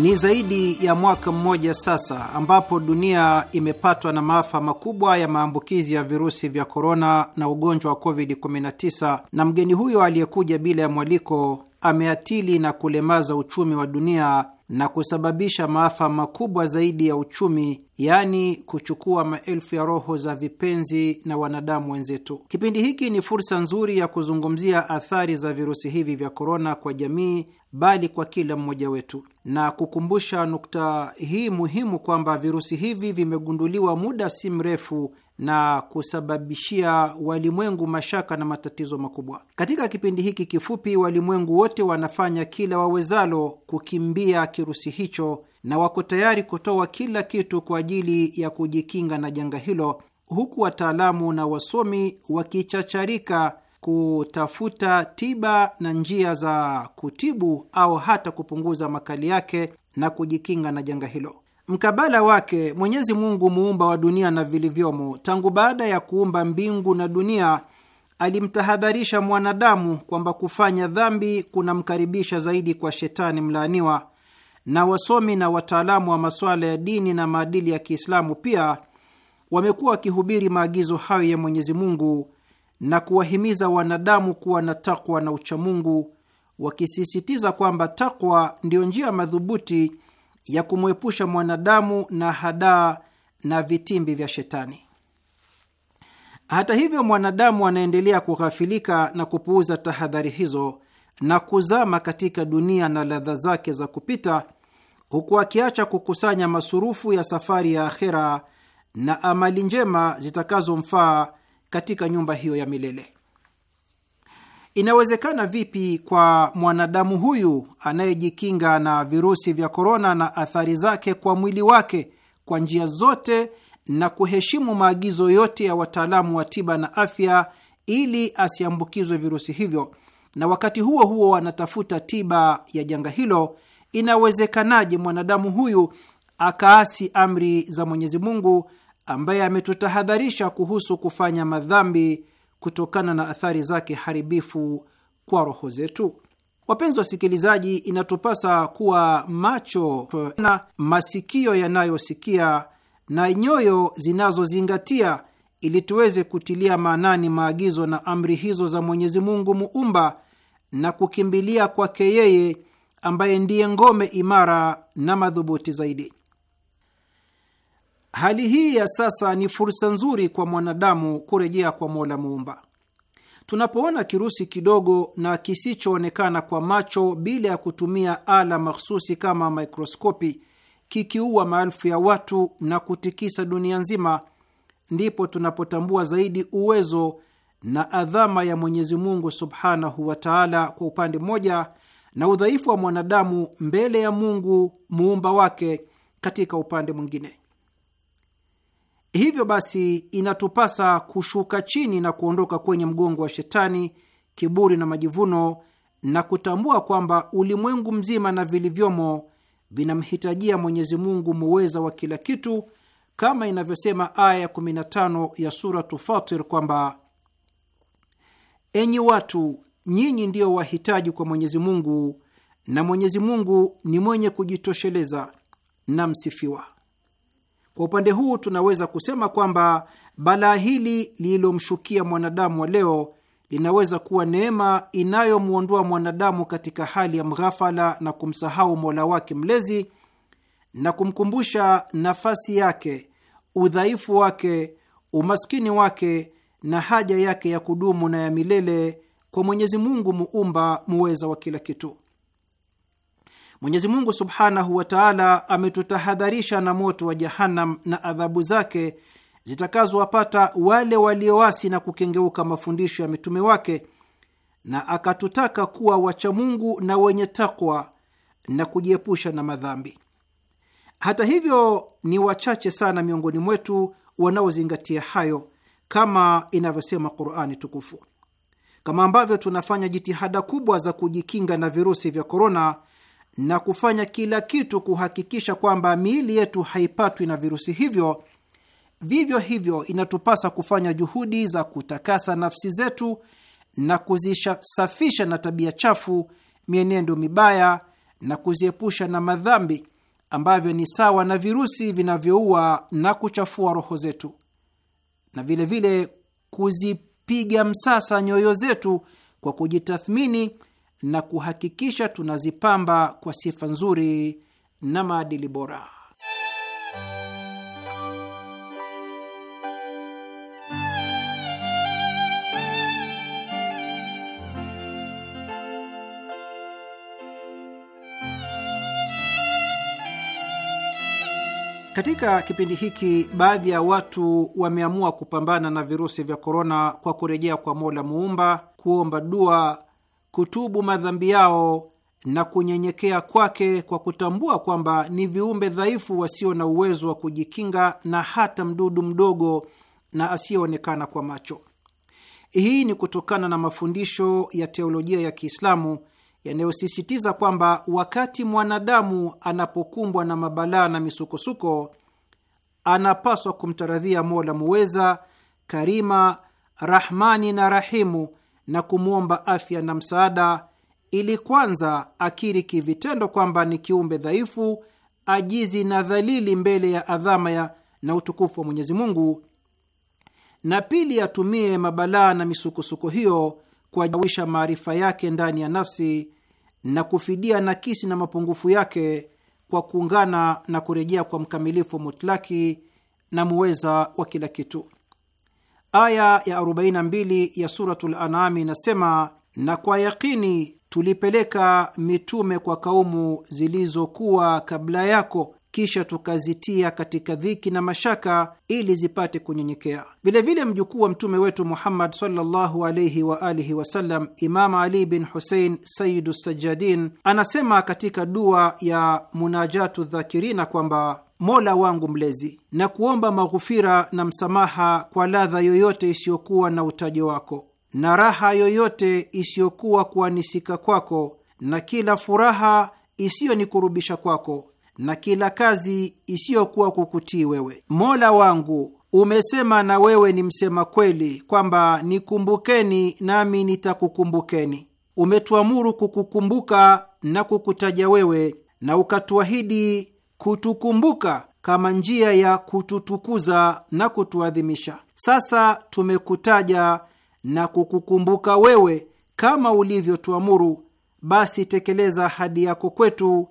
Ni zaidi ya mwaka mmoja sasa ambapo dunia imepatwa na maafa makubwa ya maambukizi ya virusi vya korona na ugonjwa wa COVID-19, na mgeni huyo aliyekuja bila ya mwaliko ameatili na kulemaza uchumi wa dunia na kusababisha maafa makubwa zaidi ya uchumi, yaani kuchukua maelfu ya roho za vipenzi na wanadamu wenzetu. Kipindi hiki ni fursa nzuri ya kuzungumzia athari za virusi hivi vya korona kwa jamii, bali kwa kila mmoja wetu, na kukumbusha nukta hii muhimu kwamba virusi hivi vimegunduliwa muda si mrefu na kusababishia walimwengu mashaka na matatizo makubwa. Katika kipindi hiki kifupi, walimwengu wote wanafanya kila wawezalo kukimbia kirusi hicho na wako tayari kutoa kila kitu kwa ajili ya kujikinga na janga hilo, huku wataalamu na wasomi wakichacharika kutafuta tiba na njia za kutibu au hata kupunguza makali yake na kujikinga na janga hilo. Mkabala wake Mwenyezi Mungu muumba wa dunia na vilivyomo, tangu baada ya kuumba mbingu na dunia, alimtahadharisha mwanadamu kwamba kufanya dhambi kunamkaribisha zaidi kwa shetani mlaaniwa, na wasomi na wataalamu wa masuala ya dini na maadili ya Kiislamu pia wamekuwa wakihubiri maagizo hayo ya Mwenyezi Mungu na kuwahimiza wanadamu kuwa na takwa na uchamungu, wakisisitiza kwamba takwa ndiyo njia madhubuti ya kumwepusha mwanadamu na hadaa na vitimbi vya Shetani. Hata hivyo, mwanadamu anaendelea kughafilika na kupuuza tahadhari hizo na kuzama katika dunia na ladha zake za kupita, huku akiacha kukusanya masurufu ya safari ya akhera na amali njema zitakazomfaa katika nyumba hiyo ya milele. Inawezekana vipi kwa mwanadamu huyu anayejikinga na virusi vya korona na athari zake kwa mwili wake kwa njia zote na kuheshimu maagizo yote ya wataalamu wa tiba na afya ili asiambukizwe virusi hivyo, na wakati huo huo anatafuta tiba ya janga hilo? Inawezekanaje mwanadamu huyu akaasi amri za Mwenyezi Mungu ambaye ametutahadharisha kuhusu kufanya madhambi kutokana na athari zake haribifu kwa roho zetu. Wapenzi wasikilizaji, inatupasa kuwa macho na masikio yanayosikia na nyoyo zinazozingatia ili tuweze kutilia maanani maagizo na amri hizo za Mwenyezi Mungu muumba na kukimbilia kwake yeye ambaye ndiye ngome imara na madhubuti zaidi. Hali hii ya sasa ni fursa nzuri kwa mwanadamu kurejea kwa Mola Muumba. Tunapoona kirusi kidogo na kisichoonekana kwa macho bila ya kutumia ala mahsusi kama mikroskopi kikiua maelfu ya watu na kutikisa dunia nzima, ndipo tunapotambua zaidi uwezo na adhama ya Mwenyezi Mungu subhanahu wa taala kwa upande mmoja, na udhaifu wa mwanadamu mbele ya Mungu muumba wake katika upande mwingine. Hivyo basi inatupasa kushuka chini na kuondoka kwenye mgongo wa shetani, kiburi na majivuno, na kutambua kwamba ulimwengu mzima na vilivyomo vinamhitajia Mwenyezi Mungu muweza wa kila kitu, kama inavyosema aya ya 15 ya Suratu Fatir kwamba enyi watu, nyinyi ndiyo wahitaji kwa Mwenyezi Mungu, na Mwenyezi Mungu ni mwenye kujitosheleza na msifiwa. Kwa upande huu tunaweza kusema kwamba balaa hili lililomshukia mwanadamu wa leo linaweza kuwa neema inayomwondoa mwanadamu katika hali ya mghafala na kumsahau Mola wake mlezi na kumkumbusha nafasi yake, udhaifu wake, umaskini wake na haja yake ya kudumu na ya milele kwa Mwenyezi Mungu muumba muweza wa kila kitu. Mwenyezi Mungu subhanahu wa taala ametutahadharisha na moto wa Jahannam na adhabu zake zitakazowapata wale walioasi na kukengeuka mafundisho ya mitume wake, na akatutaka kuwa wachamungu na wenye takwa na kujiepusha na madhambi. Hata hivyo, ni wachache sana miongoni mwetu wanaozingatia hayo, kama inavyosema Qurani Tukufu. Kama ambavyo tunafanya jitihada kubwa za kujikinga na virusi vya korona na kufanya kila kitu kuhakikisha kwamba miili yetu haipatwi na virusi hivyo, vivyo hivyo inatupasa kufanya juhudi za kutakasa nafsi zetu na kuzisafisha na tabia chafu, mienendo mibaya na kuziepusha na madhambi ambavyo ni sawa na virusi vinavyoua na kuchafua roho zetu, na vilevile kuzipiga msasa nyoyo zetu kwa kujitathmini na kuhakikisha tunazipamba kwa sifa nzuri na maadili bora. Katika kipindi hiki baadhi ya watu wameamua kupambana na virusi vya korona kwa kurejea kwa Mola Muumba, kuomba dua kutubu madhambi yao na kunyenyekea kwake kwa kutambua kwamba ni viumbe dhaifu wasio na uwezo wa kujikinga na hata mdudu mdogo na asiyeonekana kwa macho. Hii ni kutokana na mafundisho ya teolojia ya Kiislamu yanayosisitiza kwamba wakati mwanadamu anapokumbwa na mabalaa na misukosuko, anapaswa kumtaradhia Mola muweza, karima, rahmani na rahimu na kumwomba afya na msaada, ili kwanza akiri kivitendo kwamba ni kiumbe dhaifu, ajizi na dhalili mbele ya adhama ya na utukufu wa Mwenyezi Mungu, na pili atumie mabalaa na misukosuko hiyo kuajawisha maarifa yake ndani ya nafsi na kufidia nakisi na mapungufu yake kwa kuungana na kurejea kwa mkamilifu mutlaki na muweza wa kila kitu. Aya ya 42 ya Suratul Anami inasema, na kwa yakini tulipeleka mitume kwa kaumu zilizokuwa kabla yako kisha tukazitia katika dhiki na mashaka ili zipate kunyenyekea. Vilevile mjukuu wa mtume wetu Muhammad sallallahu alayhi wa alihi wasallam, imamu Ali bin Husein Sayidu Sajadin anasema katika dua ya Munajatu Dhakirina kwamba Mola wangu Mlezi, na kuomba maghufira na msamaha kwa ladha yoyote isiyokuwa na utajo wako na raha yoyote isiyokuwa kuanisika kwako na kila furaha isiyonikurubisha kwako na kila kazi isiyokuwa kukutii wewe. Mola wangu, umesema na wewe ni msema kweli kwamba nikumbukeni nami nitakukumbukeni. Umetuamuru kukukumbuka na kukutaja wewe, na ukatuahidi kutukumbuka kama njia ya kututukuza na kutuadhimisha. Sasa tumekutaja na kukukumbuka wewe kama ulivyotuamuru, basi tekeleza ahadi yako kwetu,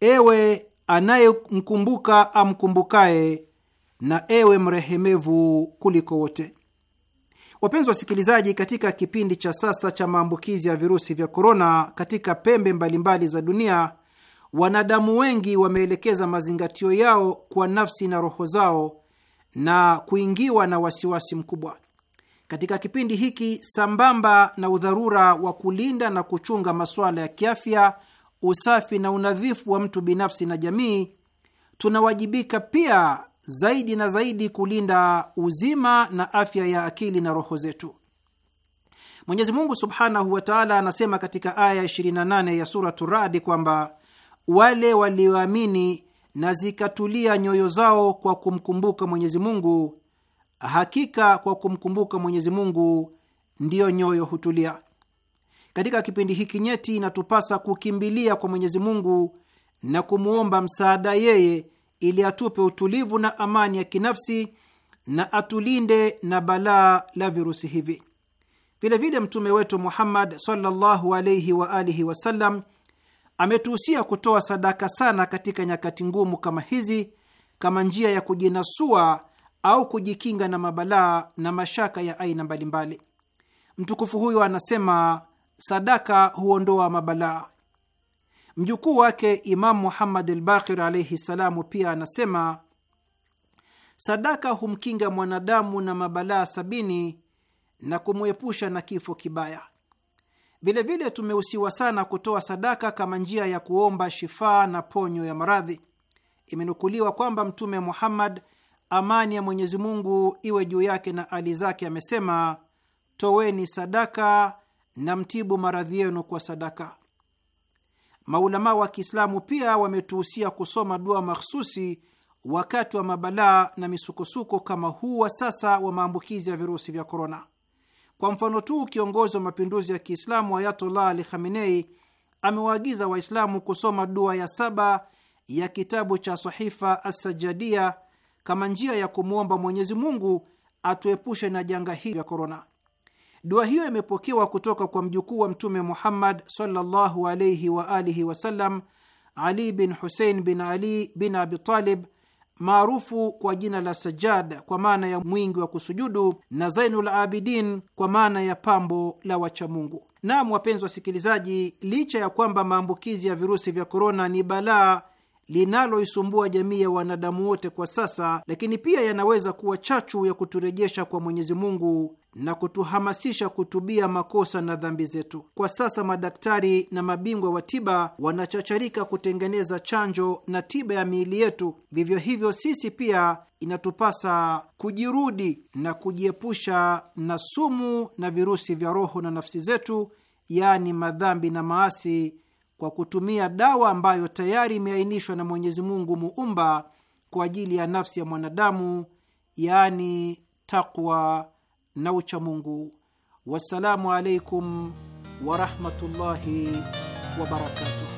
ewe anayemkumbuka amkumbukaye, na ewe mrehemevu kuliko wote. Wapenzi wasikilizaji, katika kipindi cha sasa cha maambukizi ya virusi vya korona katika pembe mbalimbali za dunia wanadamu wengi wameelekeza mazingatio yao kwa nafsi na roho zao na kuingiwa na wasiwasi mkubwa. Katika kipindi hiki, sambamba na udharura wa kulinda na kuchunga masuala ya kiafya, usafi na unadhifu wa mtu binafsi na jamii, tunawajibika pia zaidi na zaidi kulinda uzima na afya ya akili na roho zetu. Mwenyezi Mungu subhanahu wa taala anasema katika aya 28 ya Suratu Radi kwamba wale walioamini na zikatulia nyoyo zao kwa kumkumbuka Mwenyezi Mungu, hakika kwa kumkumbuka Mwenyezi Mungu ndiyo nyoyo hutulia. Katika kipindi hiki nyeti, inatupasa kukimbilia kwa Mwenyezi Mungu na kumwomba msaada yeye, ili atupe utulivu na amani ya kinafsi na atulinde na balaa la virusi hivi. Vilevile mtume wetu Muhammad sallallahu alaihi waalihi wasallam ametuhusia kutoa sadaka sana katika nyakati ngumu kama hizi, kama njia ya kujinasua au kujikinga na mabalaa na mashaka ya aina mbalimbali. Mtukufu huyo anasema sadaka huondoa mabalaa. Mjukuu wake Imamu Muhammad al-Baqir alaihi ssalamu pia anasema sadaka humkinga mwanadamu na mabalaa sabini na kumwepusha na kifo kibaya. Vilevile tumehusiwa sana kutoa sadaka kama njia ya kuomba shifaa na ponyo ya maradhi. Imenukuliwa kwamba Mtume Muhammad, amani ya Mwenyezi Mungu iwe juu yake na ali zake, amesema, toweni sadaka na mtibu maradhi yenu kwa sadaka. maulamaa wa Kiislamu pia wametuhusia kusoma dua mahsusi wakati wa mabalaa na misukosuko kama huu wa sasa wa maambukizi ya virusi vya korona. Kwa mfano tu, kiongozi wa mapinduzi ya Kiislamu Ayatollah Ali Khamenei amewaagiza Waislamu kusoma dua ya saba ya kitabu cha Sahifa Assajadia kama njia ya kumwomba Mwenyezi Mungu atuepushe na janga hili la korona. Dua hiyo imepokewa kutoka kwa mjukuu wa Mtume Muhammad sallallahu alaihi wa alihi wasallam, Ali bin Husein bin Ali bin Abitalib, maarufu kwa jina la Sajad kwa maana ya mwingi wa kusujudu na Zainul Abidin kwa maana ya pambo la wachamungu. Naam, wapenzi wasikilizaji, licha ya kwamba maambukizi ya virusi vya korona ni balaa linaloisumbua jamii ya wanadamu wote kwa sasa, lakini pia yanaweza kuwa chachu ya kuturejesha kwa Mwenyezi Mungu na kutuhamasisha kutubia makosa na dhambi zetu. Kwa sasa madaktari na mabingwa wa tiba wanachacharika kutengeneza chanjo na tiba ya miili yetu. Vivyo hivyo, sisi pia inatupasa kujirudi na kujiepusha na sumu na virusi vya roho na nafsi zetu, yaani madhambi na maasi kwa kutumia dawa ambayo tayari imeainishwa na Mwenyezi Mungu muumba kwa ajili ya nafsi ya mwanadamu, yaani takwa na uchamungu. Wassalamu alaikum warahmatullahi wabarakatuh.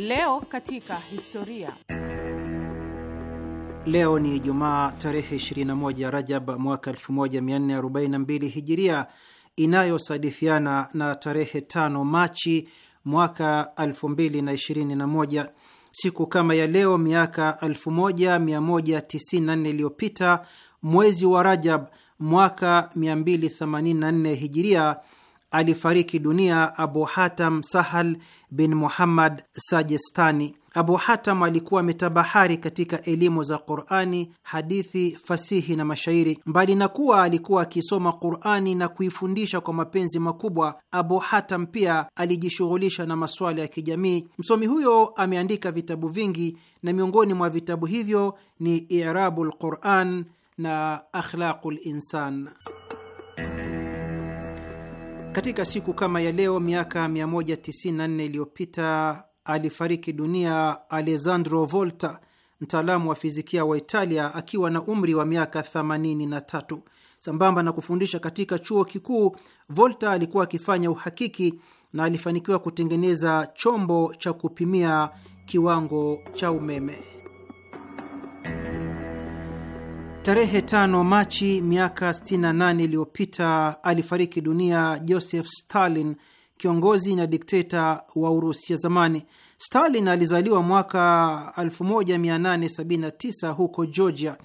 Leo katika historia. Leo ni Ijumaa tarehe 21 Rajab mwaka 1442 Hijiria, inayosadifiana na tarehe 5 Machi mwaka 2021. Siku kama ya leo miaka 1194 iliyopita, mwezi wa Rajab mwaka 284 Hijiria alifariki dunia Abu Hatam Sahal bin Muhammad Sajestani. Abu Hatam alikuwa ametabahari katika elimu za Qurani, hadithi, fasihi na mashairi. Mbali na kuwa alikuwa akisoma Qurani na kuifundisha kwa mapenzi makubwa, Abu Hatam pia alijishughulisha na masuala ya kijamii. Msomi huyo ameandika vitabu vingi na miongoni mwa vitabu hivyo ni Irabu lquran na Akhlaqu linsan. Katika siku kama ya leo miaka 194 iliyopita alifariki dunia Alessandro Volta, mtaalamu wa fizikia wa Italia akiwa na umri wa miaka 83. Sambamba na kufundisha katika chuo kikuu, Volta alikuwa akifanya uhakiki na alifanikiwa kutengeneza chombo cha kupimia kiwango cha umeme. Tarehe tano Machi miaka 68 iliyopita alifariki dunia Joseph Stalin, kiongozi na dikteta wa Urusi ya zamani. Stalin alizaliwa mwaka 1879 huko Georgia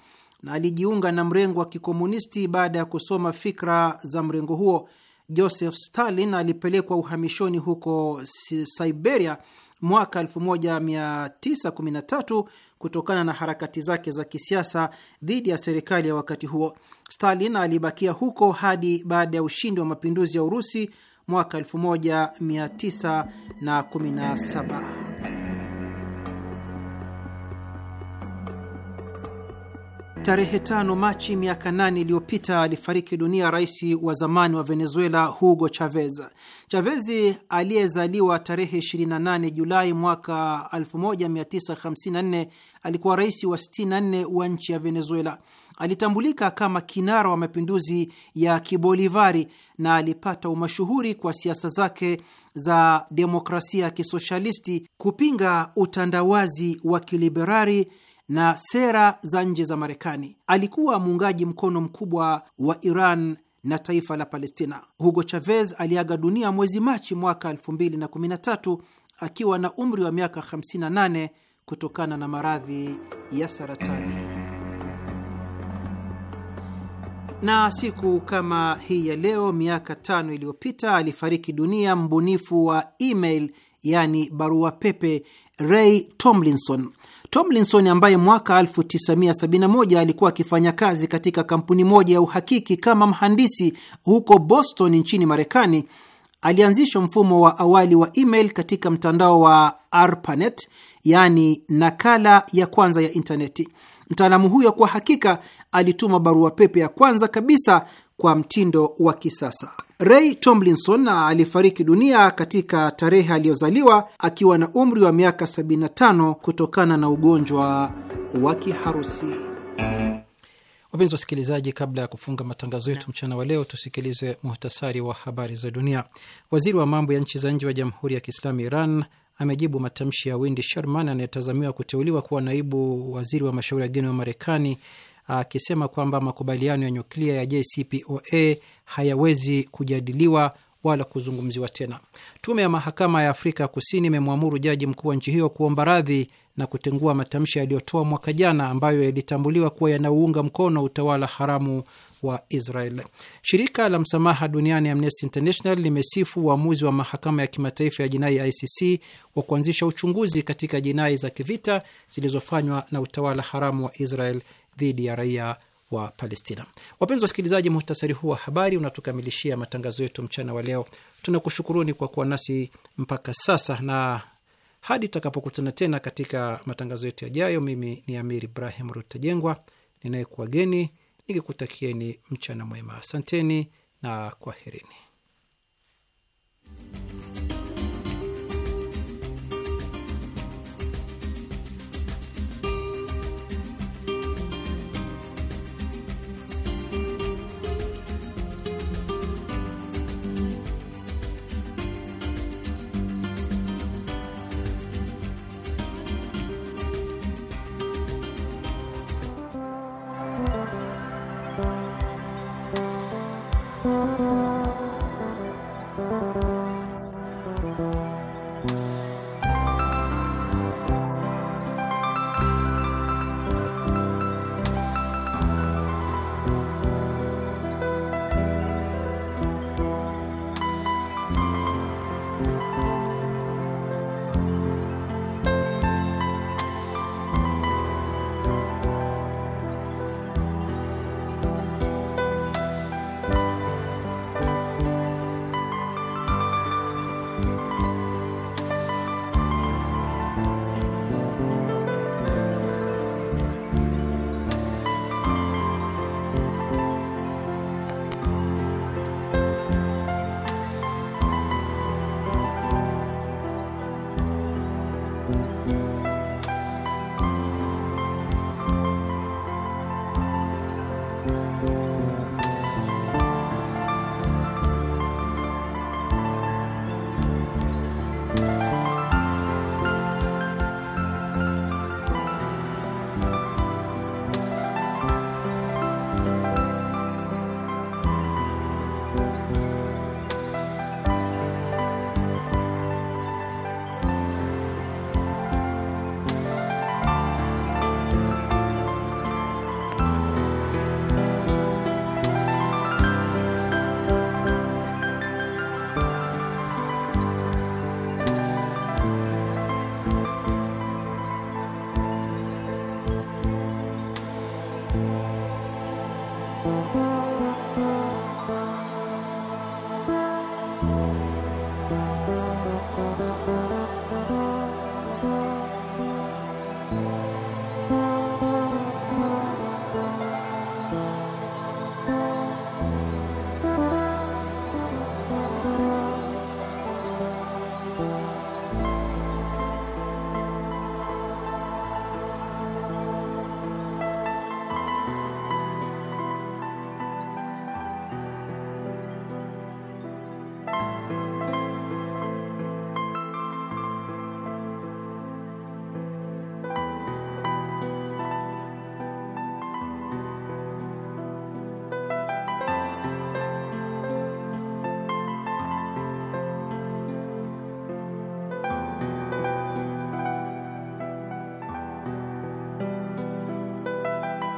na alijiunga na mrengo wa kikomunisti baada ya kusoma fikra za mrengo huo. Joseph Stalin alipelekwa uhamishoni huko Siberia mwaka 1913 kutokana na harakati zake za kisiasa dhidi ya serikali ya wakati huo. Stalin alibakia huko hadi baada ya ushindi wa mapinduzi ya Urusi mwaka 1917. Tarehe tano Machi miaka nane iliyopita alifariki dunia rais wa zamani wa Venezuela Hugo Chavez. Chavez aliyezaliwa tarehe 28 Julai mwaka 1954 alikuwa rais wa 64 wa nchi ya Venezuela. Alitambulika kama kinara wa mapinduzi ya kibolivari na alipata umashuhuri kwa siasa zake za demokrasia ya kisoshalisti, kupinga utandawazi wa kiliberari na sera za nje za Marekani. Alikuwa muungaji mkono mkubwa wa Iran na taifa la Palestina. Hugo Chavez aliaga dunia mwezi Machi mwaka 2013 akiwa na umri wa miaka 58 kutokana na maradhi ya saratani. Na siku kama hii ya leo miaka tano iliyopita alifariki dunia mbunifu wa email, yani barua pepe, Ray Tomlinson. Tomlinson ambaye mwaka 1971 alikuwa akifanya kazi katika kampuni moja ya uhakiki kama mhandisi huko Boston nchini Marekani, alianzisha mfumo wa awali wa email katika mtandao wa ARPANET, yaani nakala ya kwanza ya intaneti. Mtaalamu huyo kwa hakika alituma barua pepe ya kwanza kabisa kwa mtindo wa kisasa. Ray Tomlinson alifariki dunia katika tarehe aliyozaliwa akiwa na umri wa miaka 75 kutokana na ugonjwa wa kiharusi. Wapenzi wasikilizaji, kabla ya kufunga matangazo yetu mchana wa leo, tusikilize muhtasari wa habari za dunia. Waziri wa mambo ya nchi za nje wa Jamhuri ya Kiislamu Iran amejibu matamshi ya Wendy Sherman anayetazamiwa kuteuliwa kuwa naibu waziri wa mashauri ya kigeni wa Marekani akisema kwamba makubaliano ya nyuklia ya JCPOA hayawezi kujadiliwa wala kuzungumziwa tena. Tume ya mahakama ya Afrika Kusini imemwamuru jaji mkuu wa nchi hiyo kuomba radhi na kutengua matamshi yaliyotoa mwaka jana ambayo yalitambuliwa kuwa yanaunga mkono utawala haramu wa Israel. Shirika la msamaha duniani Amnesty International limesifu uamuzi wa mahakama ya kimataifa ya jinai ya ICC wa kuanzisha uchunguzi katika jinai za kivita zilizofanywa na utawala haramu wa Israel dhidi ya raia wa Palestina. Wapenzi wasikilizaji, muhtasari huu wa habari unatukamilishia matangazo yetu mchana wa leo. Tunakushukuruni kwa kuwa nasi mpaka sasa, na hadi tutakapokutana tena katika matangazo yetu yajayo, mimi ni Amir Ibrahim Rutajengwa ninayekuwageni nikikutakieni mchana mwema. Asanteni na kwaherini.